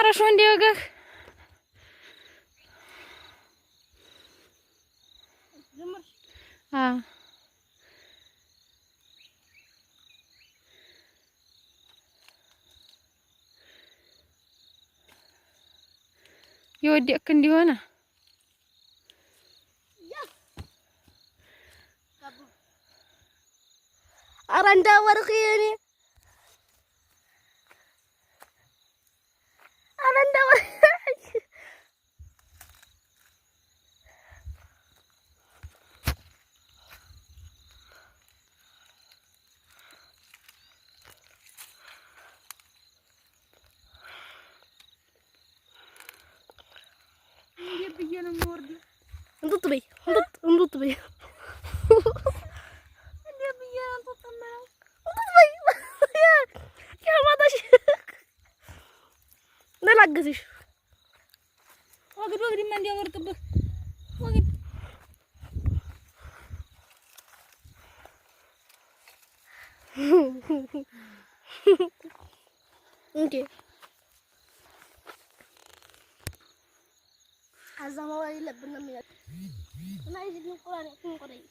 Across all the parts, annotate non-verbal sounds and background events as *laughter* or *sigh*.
Хорошо, Диогах. А. Yo, dia akan di mana? Aranda warga ini. ማገዝሽ ወግድ ወግድማ እንዲያወርቅብህ ወግድ እንዴ አዛማው አይለብንም ነው የሚለው እና እዚህ ነው ቁራኔ ቁራኔ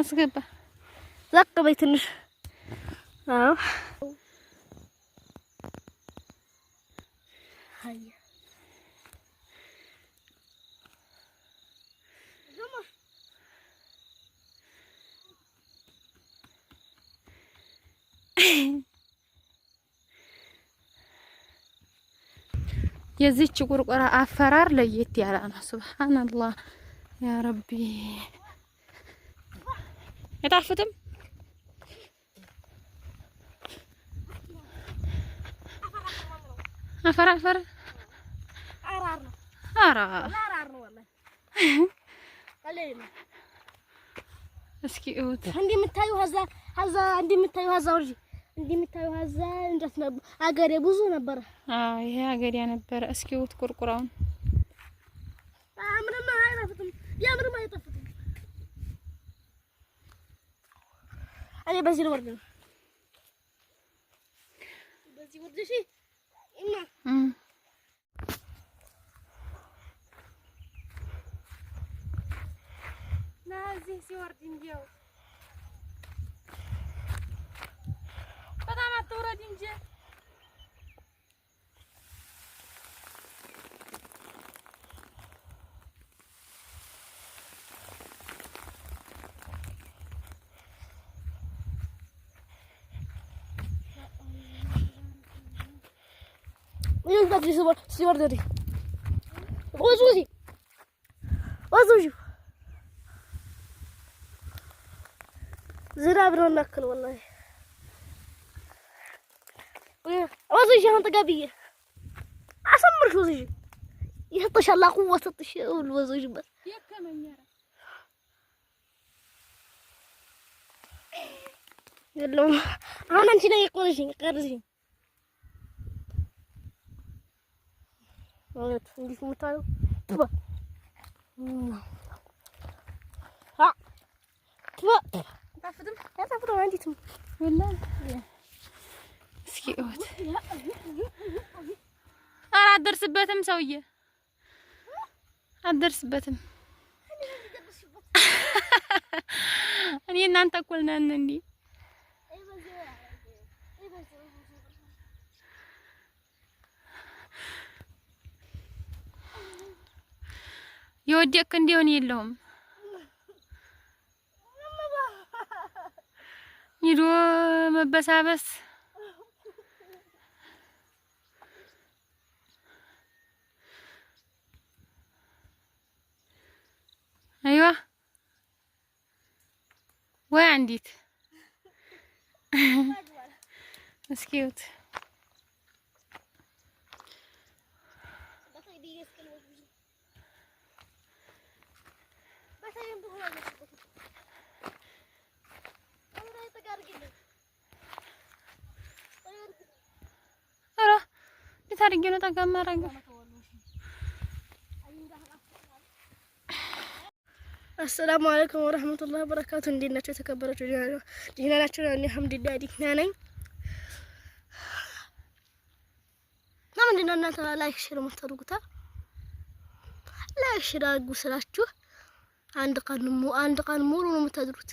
አስገባ ዘቅ በይ ትንሽ اه هيا የዚች ቁርቁራ አፈራር ለየት ያለ ነው። ሱብሃንአላህ ያ ረቢ አይጣፍጥም። عفر عفر عرارنا عرار لا عرارنا والله *laughs* قليلة اسكيوت عندي متايو هذا هذا عندي متايو هذا ورجي عندي متايو هذا እንዴት ነበር አገሬ ብዙ ነበረ አዎ ይሄ አገሬ ነበረ እስኪውት ቁርቁራውን ምንም አይጠፍጥም ያ ምንም አይጠፍጥም እኔ በዚህ ልወርድ ነው በዚህ ወርድ እሺ يلا بدي صور صور داري وزوجي وزوجي زراب رو ناكل والله وزوجي منطقة بيه أسمر شو زوجي يسطش الله قوة سطش الوزوجي بس يلا أنا أنت لا يقول شيء قرزين ማለት እንዲህ የምታዩ ትባ አ ትባ ኧረ አትደርስበትም፣ ሰውዬ አትደርስበትም። እኔ እናንተ እኩል ነን እንዴ? የወደቅክ እንዲሆን የለውም። ሂዶ መበሳበስ አይዋ ወይ አንዲት እስኪዩት አድርጌ ነው ጠጋ ማረገው። አሰላሙ አለይኩም ወራህመቱላሂ ወበረካቱ። እንዴት ናቸው የተከበራችሁ? ደህና ናቸው። እኔ አልሐምዱሊላህ ደህና ነኝ። ለምንድነው እናንተ ላይክ ሼር የምታደርጉት? ላይክ ሼር አድርጉ ስላችሁ አንድ ቀን አንድ ቀን ሙሉ ነው የምታድሩት።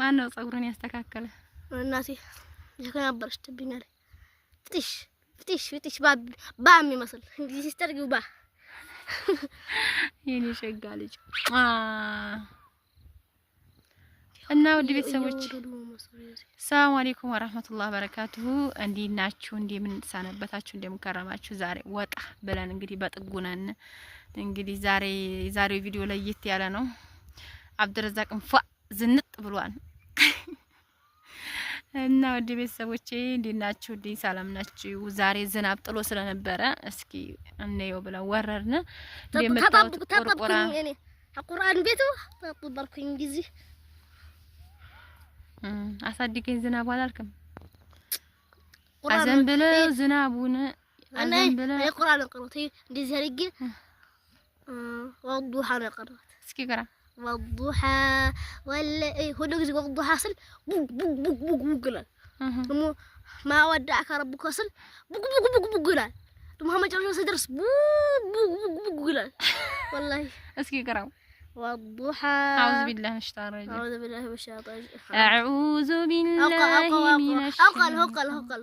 ማነው ፀጉሩን ያስተካከለ? እናቴ ያከናበረችብኛል። ትሽ ፍትሽ ፍትሽ ባ የሚመስል እንግዲህ ሲስተር ግባ የኔ ሸጋ ልጅ እና ውድ ቤተሰቦች ሰላም አለይኩም ወራህመቱላሂ ወበረካቱሁ። እንዴት ናችሁ? እንደምን ሰነበታችሁ? እንደምን ከረማችሁ? ዛሬ ወጣ ብለን እንግዲህ በጥጉ ነን። እንግዲህ ዛሬ የዛሬው ቪዲዮ ለየት ያለ ነው። አብዱረዛቅም ፏ ዝንጥ ብሏል። እና ውድ ቤተሰቦቼ እንዴት ናችሁ? ሰላም ናችሁ? ዛሬ ዝናብ ጥሎ ስለነበረ እስኪ እንየው ብለን ወረድን። እንደምታውቁ ቁርቁራን ቁርአን ቤቱ አሳድገኝ አላልክም። ዝናቡን እንደዚህ አድርጌ ወዱ እስኪ ግራ والضحى ولا ايه كل ጊዜ والضحى بوك بوك بوك بوك ቡግ ቡግ ما ودعك ربك ረቡከ بوك بوك بوك بوك لا ይላል። هم መጨረሻ يدرس بوك بوك بوك بوك لا والله اسكي كرام والضحى أعوذ بالله من الشيطان الرجيم أعوذ بالله من الشيطان الرجيم أعوذ بالله من الشيطان الرجيم أقل أقل أقل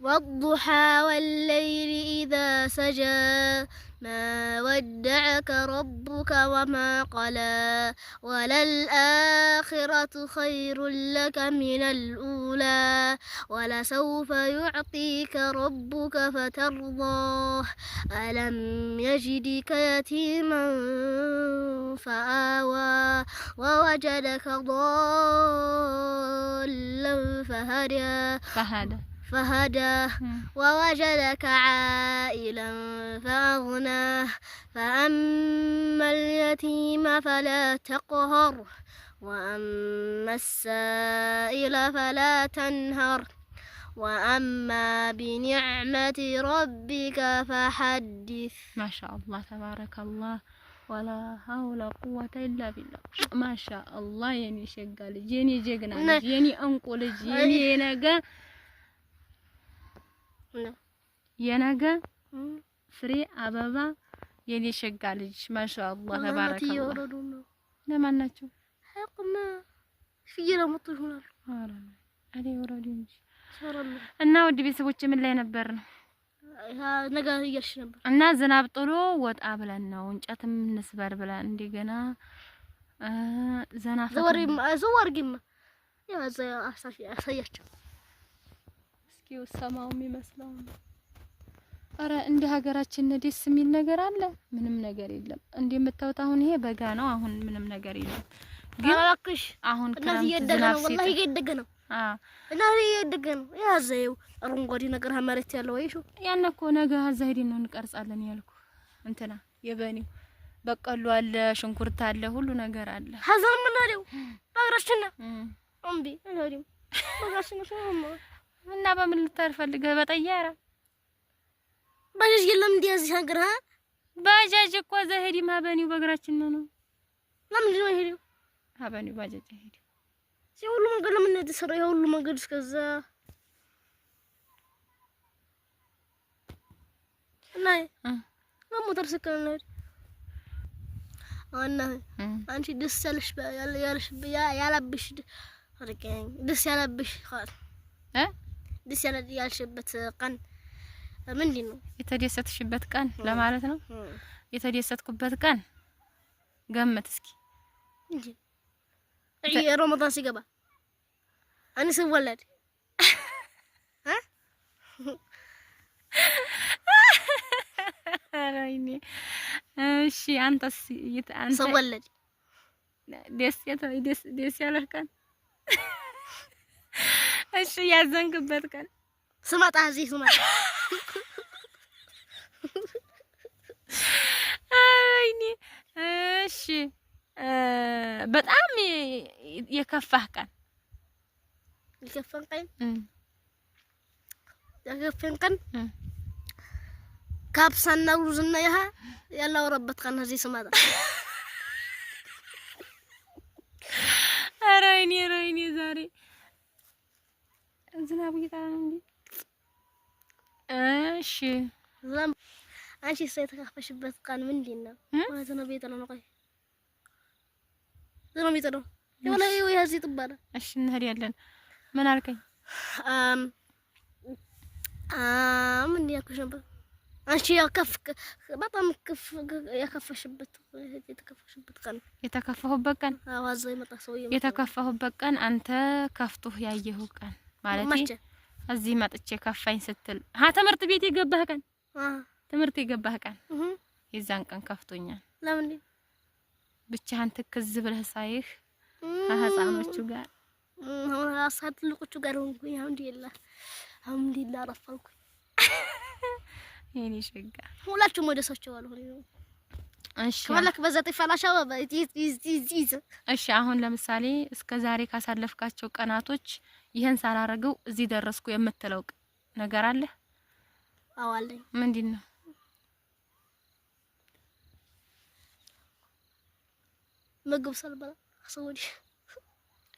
والضحى والليل إذا سجى ما ودعك ربك وما قلى وللآخرة خير لك من الأولى ولسوف يعطيك ربك فترضاه ألم يجدك يتيما فآوى ووجدك ضالا فهدى فهدى فهداه ووجدك عائلا فأغناه فأما اليتيم فلا تقهر وأما السائل فلا تنهر وأما بنعمة ربك فحدث ما شاء الله تبارك الله ولا حول قوة إلا بالله ما شاء الله يعني شغال جيني جيني أنقل جيني نجا የነገ ፍሬ አበባ የኔ ሸጋ ልጅ ማሻአላህ ተባረከ። ለማን ናቸው? ወራዲ እንጂ እና ውድ ቤተሰቦች ምን ላይ ነበር ነው ነገ ነበር። እና ዝናብ ጥሎ ወጣ ብለን ነው እንጨትም እንስበር ብለን እንደገና ዘናፍ ዘወር ዘወር ግማ ያዘ አሳያቸው ይኸው ሰማው የሚመስለው አረ እንደ ሀገራችን ደስ የሚል ነገር አለ? ምንም ነገር የለም። እንደምታዩት አሁን ይሄ በጋ ነው። አሁን ምንም ነገር የለም። ግን አላክሽ አሁን ክረምት ዝናብ ሲጥል ወላሂ እየደገ ነው እና እየደገ ነው። ያዘው አረንጓዴ ነገር መሬት ያለው አይሹ ያን እኮ ነገ እዛ ሄደን ነው እንቀርጻለን ያልኩ እንትና የበኔው በቀሉ አለ፣ ሽንኩርት አለ፣ ሁሉ ነገር አለ። ሀዘን ምን አለው ባግራሽና ነው እምቢ አለው በእግራችን ነው እና በምን ልታር ፈልገህ? በጠያራ ባጃጅ የለም እንዴ እዚህ ሀገር? ሀ ባጃጅ እኮ ዘሄድም ሀበኒው በእግራችን ነው ነው። ለምንድን ነው የሄደው? ሀበኒው ባጃጅ የሄደው የሁሉ መንገድ ለምን ነው የተሰራው? የሁሉ መንገድ እስከዛ እና ለሞተር ስከነ እና አንቺ ደስ ያለሽ ያለሽ ያላብሽ ደስ ያላብሽ እ ዲሰነ ያልሽበት ቀን ምንድን ነው? የተደሰትሽበት ቀን ለማለት ነው። የተደሰትኩበት ቀን ገመት እስኪ እንጂ ረመዳን ሲገባ እኔ ስወለድ አራይኒ እሺ፣ አንተስ ይት አንተ ስወለድ ደስ ያለህ ቀን እሺ ያዘንክበት ቀን ስመጣ እዚህ ስመጣ አይኔ እሺ በጣም የከፋህ ቀን የከፋህ ቀን የከፋህ ቀን ካብሳና ሩዝና ያህ ያላወራበት ቀን እዚህ ስመጣ ኧረ ወይኔ ሀሳቡ እየጣለ ነው እንዴ? እሺ ዘም አንቺ እሷ የተካፈሽበት ቀን ምንድን ነው? ማለት ነው ቤት ነው ቆይ ዘኖ ቤት ነው የሆነ ይኸው ያዚ ጥባለ እሺ፣ እንሄዳለን። ምን አልከኝ? አም አም እንዴ ያልኩሽ ነበር። አንቺ ያከፍ በጣም ከፍ ያከፈሽበት የተከፈሽበት ቀን የተከፈሁበት ቀን አዋዛ ይመጣ ሰው የተከፈሁበት ቀን አንተ ከፍቶህ ያየሁ ቀን ማለት እዚህ መጥቼ ከፋኝ ስትል ሀ ትምህርት ቤት የገባህ ቀን ትምህርት የገባህ ቀን የዛን ቀን ከፍቶኛል። ለምን ብቻህን ትክዝ ብለህ ሳይህ ከህፃኖቹ ጋር አሁን አሳት ትልቆቹ ጋር ሆንኩኝ። አልሐምዱሊላህ አልሐምዱሊላህ ረፋልኩኝ። የኔ ሸጋ ሁላችሁም ወደ ሰው ቸዋል ሆነ እሺ ከፈለክ በዘጠኝ ፈላሻ እሺ። አሁን ለምሳሌ እስከ ዛሬ ካሳለፍካቸው ቀናቶች ይህን ሳላረገው እዚህ ደረስኩ የምትለው ነገር አለ? አዎ አለኝ። ምንድን ነው? ምግብ ሳልበላ ሳውዲ።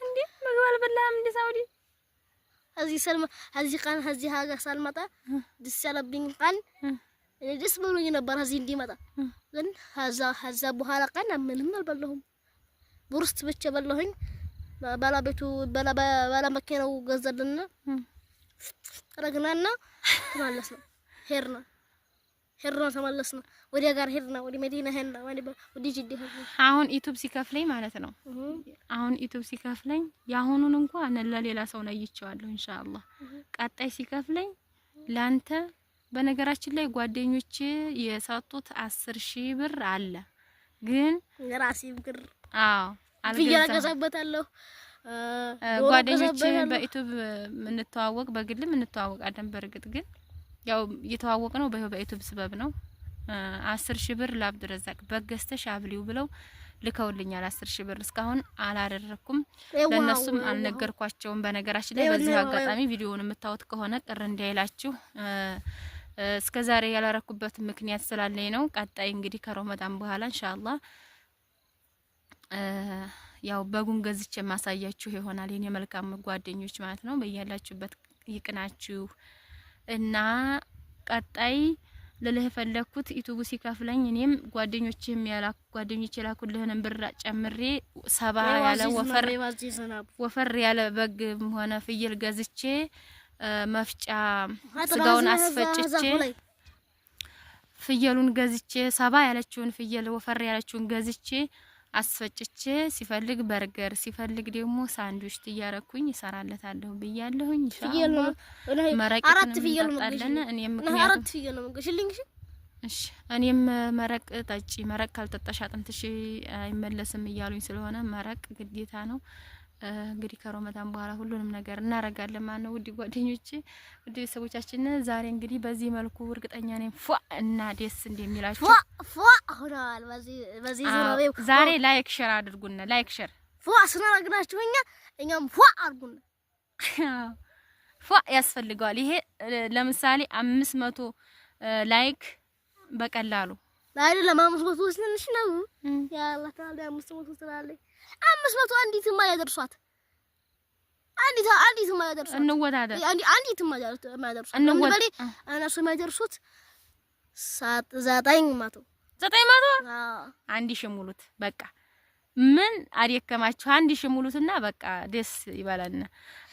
እንዴ ምግብ አልበላህም እንዴ ሳውዲ? እዚህ ሰልማ እዚህ ቀን እዚህ ሀገር ሳልመጣ ደስ ያለብኝ ቀን ደስ ብሎኝ ነበር እዚህ እንዲመጣ ግን ከዛ በኋላ ቀን ምንም አልበላሁም። ቡርስት ብቻ በላሁኝ። ባላ ቤቱ ባላ መኪናው ገዘልና ረግናና ነው ሄርና ሄርና ነው ወዲያ ጋር ሄርና ወዲ መዲና ሄርና ወዲ ወዲ ጅዲ ሄርና። አሁን ዩቲዩብ ሲከፍለኝ ማለት ነው። አሁን ዩቲዩብ ሲከፍለኝ የአሁኑን እንኳን ለሌላ ሰው ነው ይቻለሁ። ኢንሻአላህ ቀጣይ ሲከፍለኝ ላንተ በነገራችን ላይ ጓደኞች የሰጡት አስር ሺህ ብር አለ ግን ራሴ ብር አዎ አልገዛበታለሁ። ጓደኞቼ በዩቲዩብ እንተዋወቅ በግልም እንተዋወቃለን። በእርግጥ ግን ያው እየተዋወቅ ነው በዩቲዩብ ስበብ ነው። አስር ሺህ ብር ለአብዱረዛቅ በገዝተሽ አብሊው ብለው ልከውልኛል። አስር ሺህ ብር እስካሁን አላደረኩም፣ ለእነሱም አልነገርኳቸውም። በነገራችን ላይ በዚህ አጋጣሚ ቪዲዮውን የምታዩት ከሆነ ቅር እንዳይላችሁ እስከ ዛሬ ያላረኩበት ምክንያት ስላለኝ ነው። ቀጣይ እንግዲህ ከረመዳን በኋላ ኢንሻአላህ ያው በጉን ገዝቼ የማሳያችሁ ይሆናል። የኔ መልካም ጓደኞች ማለት ነው። በያላችሁበት ይቅናችሁ እና ቀጣይ ልልህ የፈለግኩት ኢቱቡ ሲከፍለኝ እኔም ጓደኞች የሚያላኩ ጓደኞች የላኩልህን ብር ጨምሬ ሰባ ያለ ወፈር ወፈር ያለ በግም ሆነ ፍየል ገዝቼ መፍጫ ስጋውን አስፈጭቼ ፍየሉን ገዝቼ ሰባ ያለችውን ፍየል ወፈር ያለችውን ገዝቼ አስፈጭቼ ሲፈልግ በርገር ሲፈልግ ደግሞ ሳንድዊች እያረኩኝ እሰራለታለሁ ብያለሁኝ። ኢንሻአላህ መረቅ እንጠጣለን። እኔም እኔም መረቅ ጠጪ፣ መረቅ ካልጠጣሽ አጥንትሽ አይመለስም እያሉኝ ስለሆነ መረቅ ግዴታ ነው። እንግዲህ ከሮመዳን በኋላ ሁሉንም ነገር እናረጋለን ማለት ነው። ውድ ጓደኞቼ፣ ውድ ቤተሰቦቻችን ዛሬ እንግዲህ በዚህ መልኩ እርግጠኛ ነኝ ፏ እና ደስ እንደሚላችሁ ፏ ሆነዋል። በዚህ ዛሬ ላይክ ሼር አድርጉና ላይክ ሼር ፏ ስናረግናችሁ እኛ እኛም ፏ አድርጉና ፏ ያስፈልገዋል። ይሄ ለምሳሌ አምስት መቶ ላይክ በቀላሉ አይደለም አምስት መቶ ትንሽ ነው። ያ አላህ ተዓላ አምስት መቶ ትላለች አምስት መቶ አንዲትማ ያደርሷት አንዲት አንዲትማ ያደርሷት። እንወዳደር አንዲትማ ያደርሷት። እንበል እነሱ የሚያደርሱት ዘጠኝ መቶ ዘጠኝ መቶ አንድ ሺህ ሙሉት በቃ ምን አደከማችሁ? አንድ ሺህ ሙሉትና በቃ ደስ ይበላልና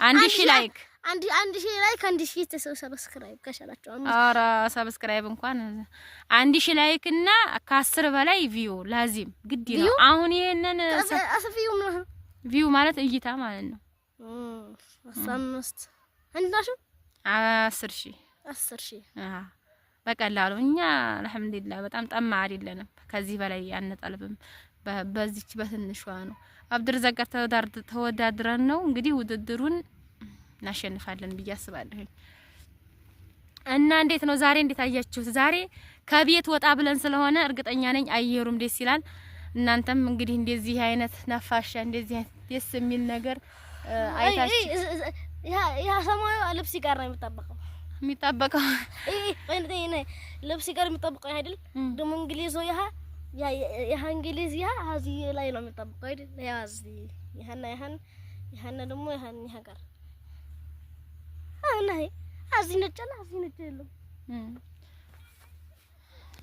አንድ ሺህ ላይክ አንድ አንድ ሺህ ላይክ አንድ ሺህ ሰብስክራይብ ከሻላችሁ ኧረ ሰብስክራይብ እንኳን አንድ ሺህ ላይክ እና ከአስር በላይ ቪው ላዚም ግድ ነው። አሁን ይሄንን ቪው ማለት እይታ ማለት ነው። እንዳሹ አስር ሺህ አስር ሺህ በቀላሉ እኛ አልሐምዱሊላህ በጣም ጠማ አይደለንም። ከዚህ በላይ አንጠልብም። በዚች በትንሿ ነው። አብድርዛቅ ጋር ተወዳድረን ነው እንግዲህ ውድድሩን እናሸንፋለን ብዬ አስባለሁ። እና እንዴት ነው ዛሬ እንዴት አያችሁት? ዛሬ ከቤት ወጣ ብለን ስለሆነ እርግጠኛ ነኝ አየሩም ደስ ይላል። እናንተም እንግዲህ እንደዚህ አይነት ነፋሻ እንደዚህ አይነት ደስ የሚል ነገር አይታችሁ ያ ሰማዩ ልብስ ይቀር ነው የሚጠበቀው የሚጠበቀው ልብስ ይቀር የሚጠበቀው አይደል ደግሞ እንግሊዞ ያሃ ያ እንግሊዝ ያ ሀዚ ላይ ነው የሚጠብቀው አይደል? ያ ሀዚ ይሄና ይሄን ይሄን ደግሞ ይሄን ይሄ ጋር አሁን አይ ሀዚ ነጭ ነው ሀዚ ነጭ የለም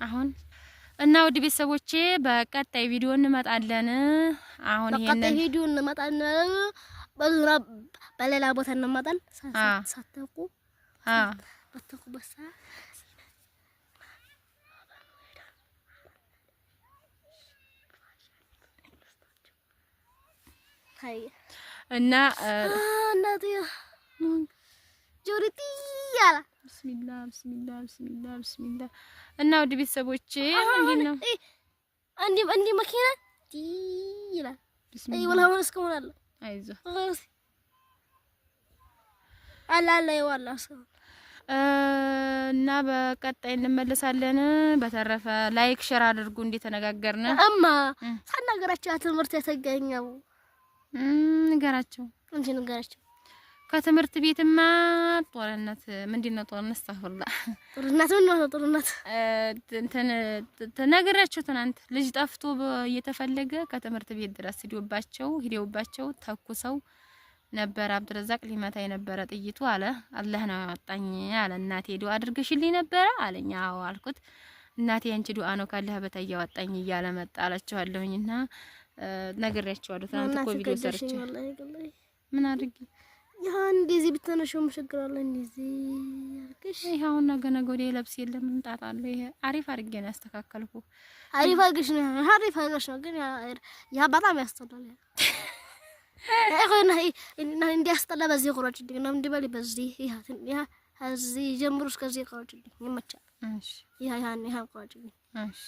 አሁን እና ውድ ቤተሰቦቼ በቀጣይ ቪዲዮ እንመጣለን። አሁን ይሄን በቀጣይ ቪዲዮ እንመጣለን። በዙራ በሌላ ቦታ እንመጣለን። ሳታውቁ አዎ በተኩ በሳ እና ብስሚላ ብስሚላ ብስሚላ ብስሚላ እና ወደ ቤተሰቦቼ ah, እንዴት ነው? እንዲህ መኪና ይላል። እና በቀጣይ እንመለሳለን። በተረፈ ላይክ ሼር አድርጉ እንደተነጋገርን እማ ሳናገራቸው ትምህርት የተገኘው ንገራቸው እንጂ ንገራቸው። ከትምህርት ቤትማ ጦርነት ምንድን ነው? ጦርነት ስታፈላ ጦርነት ምን ነው? ጦርነት እንትን ተነግራቸው። ትናንት ልጅ ጠፍቶ እየተፈለገ ከትምህርት ቤት ድረስ ሂደውባቸው ሂደውባቸው ተኩሰው ነበር። አብድረዛቅ ሊመታ የነበረ ጥይቱ አለ። አላህ ነው ያወጣኝ አለ። እናቴ ዱአ አድርገሽልኝ ነበረ አለኝ። አዎ አልኩት። እናቴ አንቺ ዱአ ነው ካለህ በታያ ያወጣኝ እያለ መጣ አላችኋለሁኝና ነግሬያቸዋለሁ። ትናንት እኮ ቪዲዮ ሰርቼ ምን አድርጊ ይሄን እንደዚህ ብትነሽው መሸግራለሁ። እንደዚህ አርገሽ ይሄውን ነገ ነገ ወዲያ ለብስ የለም እንጣጣለሁ። ይሄ አሪፍ አድርጌ ነው ያስተካከልኩ። አሪፍ አድርገሽ ነው አሪፍ አድርገሽ ነው፣ ግን ያ በጣም ያስጠላል። አይሆነ እና እንዲያስጠላ በዚህ ቁራጭ ድግ ነው እንዲበል በዚህ ይሄ ያ እዚህ ጀምሮ እስከዚህ ቁራጭ ድግ ይመቻል። እሺ ይሄ ያን ይሄ ቁራጭ ድግ እሺ